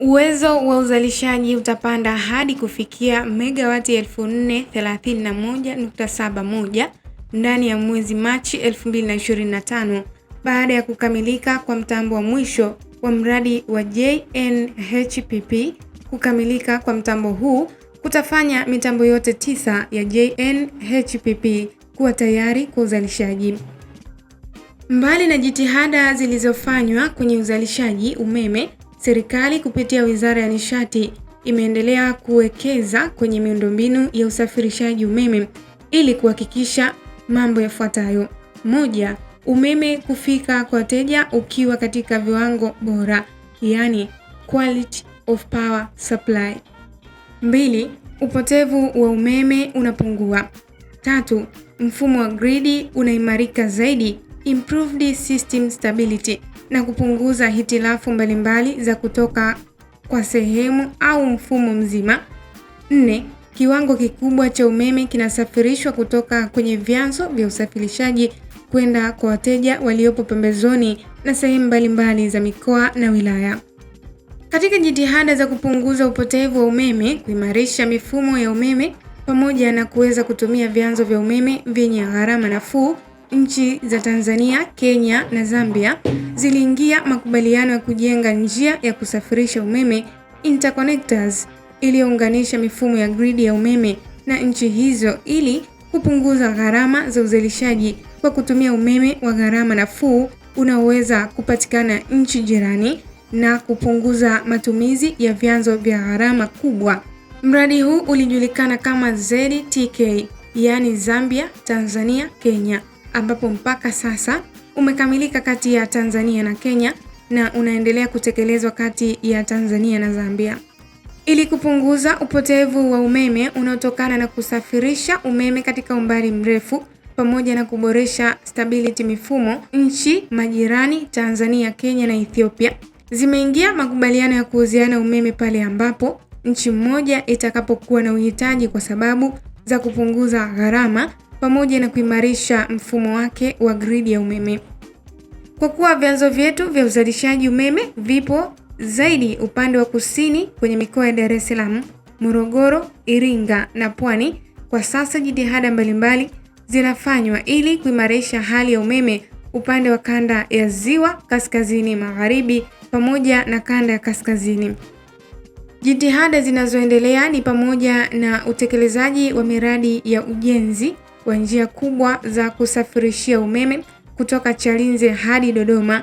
Uwezo wa uzalishaji utapanda hadi kufikia megawati 43171 ndani ya mwezi Machi 2025 baada ya kukamilika kwa mtambo wa mwisho wa mradi wa JNHPP. Kukamilika kwa mtambo huu kutafanya mitambo yote tisa ya JNHPP kuwa tayari kwa uzalishaji. Mbali na jitihada zilizofanywa kwenye uzalishaji umeme Serikali kupitia Wizara ya Nishati imeendelea kuwekeza kwenye miundombinu ya usafirishaji umeme ili kuhakikisha mambo yafuatayo: moja, umeme kufika kwa wateja ukiwa katika viwango bora, yani quality of power supply; mbili, upotevu wa umeme unapungua; tatu, mfumo wa gridi unaimarika zaidi, improved system stability; na kupunguza hitilafu mbalimbali za kutoka kwa sehemu au mfumo mzima. Nne, kiwango kikubwa cha umeme kinasafirishwa kutoka kwenye vyanzo vya usafirishaji kwenda kwa wateja waliopo pembezoni na sehemu mbalimbali za mikoa na wilaya. Katika jitihada za kupunguza upotevu wa umeme, kuimarisha mifumo ya umeme pamoja na kuweza kutumia vyanzo vya umeme vyenye gharama nafuu, nchi za Tanzania, Kenya na Zambia ziliingia makubaliano ya kujenga njia ya kusafirisha umeme interconnectors iliyounganisha mifumo ya gridi ya umeme na nchi hizo ili kupunguza gharama za uzalishaji kwa kutumia umeme wa gharama nafuu unaoweza kupatikana nchi jirani na kupunguza matumizi ya vyanzo vya gharama kubwa. Mradi huu ulijulikana kama ZTK, yaani Zambia, Tanzania, Kenya ambapo mpaka sasa umekamilika kati ya Tanzania na Kenya na unaendelea kutekelezwa kati ya Tanzania na Zambia. Ili kupunguza upotevu wa umeme unaotokana na kusafirisha umeme katika umbali mrefu pamoja na kuboresha stability mifumo, nchi majirani Tanzania, Kenya na Ethiopia zimeingia makubaliano ya kuuziana umeme pale ambapo nchi mmoja itakapokuwa na uhitaji kwa sababu za kupunguza gharama pamoja na kuimarisha mfumo wake wa gridi ya umeme. Kwa kuwa vyanzo vyetu vya uzalishaji umeme vipo zaidi upande wa kusini kwenye mikoa ya Dar es Salaam, Morogoro, Iringa na Pwani, kwa sasa jitihada mbalimbali zinafanywa ili kuimarisha hali ya umeme upande wa kanda ya Ziwa kaskazini magharibi pamoja na kanda ya kaskazini. Jitihada zinazoendelea ni pamoja na utekelezaji wa miradi ya ujenzi wa njia kubwa za kusafirishia umeme kutoka Chalinze hadi Dodoma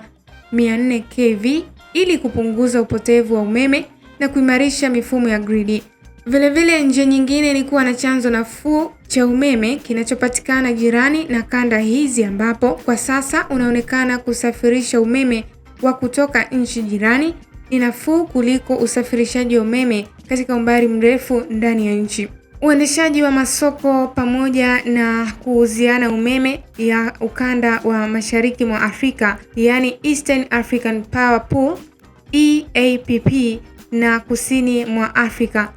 400 kV ili kupunguza upotevu wa umeme na kuimarisha mifumo ya gridi. Vilevile, njia nyingine ilikuwa na chanzo nafuu cha umeme kinachopatikana jirani na kanda hizi ambapo kwa sasa unaonekana kusafirisha umeme wa kutoka nchi jirani ni nafuu kuliko usafirishaji wa umeme katika umbali mrefu ndani ya nchi. Uendeshaji wa masoko pamoja na kuuziana umeme ya ukanda wa mashariki mwa Afrika, yaani Eastern African Power Pool EAPP, na kusini mwa Afrika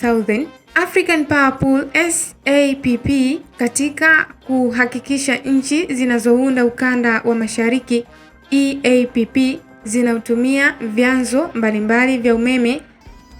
Southern African Power Pool SAPP katika kuhakikisha nchi zinazounda ukanda wa mashariki EAPP zinautumia vyanzo mbalimbali vya umeme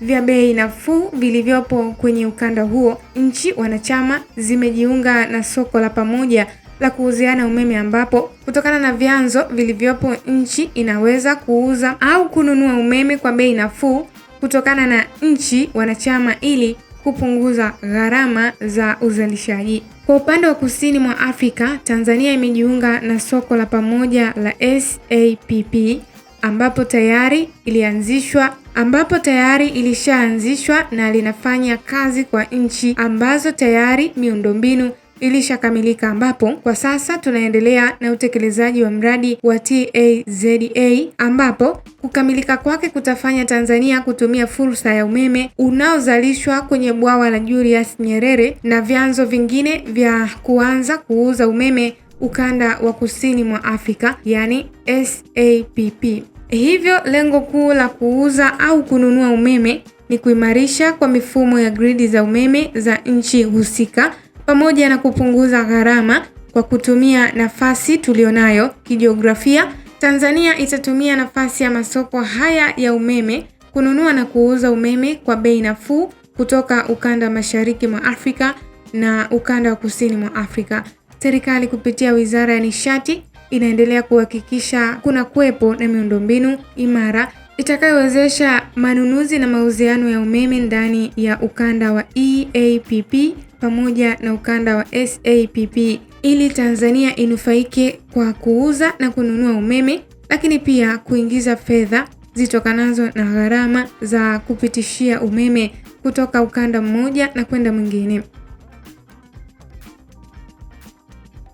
vya bei nafuu vilivyopo kwenye ukanda huo, nchi wanachama zimejiunga na soko la pamoja la kuuziana umeme ambapo kutokana na vyanzo vilivyopo nchi inaweza kuuza au kununua umeme kwa bei nafuu kutokana na nchi wanachama ili kupunguza gharama za uzalishaji. Kwa upande wa kusini mwa Afrika, Tanzania imejiunga na soko la pamoja la SAPP ambapo tayari ilianzishwa ambapo tayari ilishaanzishwa na linafanya kazi kwa nchi ambazo tayari miundombinu ilishakamilika ambapo kwa sasa tunaendelea na utekelezaji wa mradi wa TAZA ambapo kukamilika kwake kutafanya Tanzania kutumia fursa ya umeme unaozalishwa kwenye bwawa la Julius Nyerere na vyanzo vingine vya kuanza kuuza umeme ukanda wa kusini mwa Afrika, yani SAPP. Hivyo lengo kuu la kuuza au kununua umeme ni kuimarisha kwa mifumo ya gridi za umeme za nchi husika pamoja na kupunguza gharama kwa kutumia nafasi tuliyonayo kijiografia. Tanzania itatumia nafasi ya masoko haya ya umeme kununua na kuuza umeme kwa bei nafuu kutoka ukanda wa mashariki mwa Afrika na ukanda wa kusini mwa Afrika. Serikali kupitia Wizara ya Nishati inaendelea kuhakikisha kuna kuwepo na miundombinu imara itakayowezesha manunuzi na mauziano ya umeme ndani ya ukanda wa EAPP pamoja na ukanda wa SAPP ili Tanzania inufaike kwa kuuza na kununua umeme, lakini pia kuingiza fedha zitokanazo na gharama za kupitishia umeme kutoka ukanda mmoja na kwenda mwingine.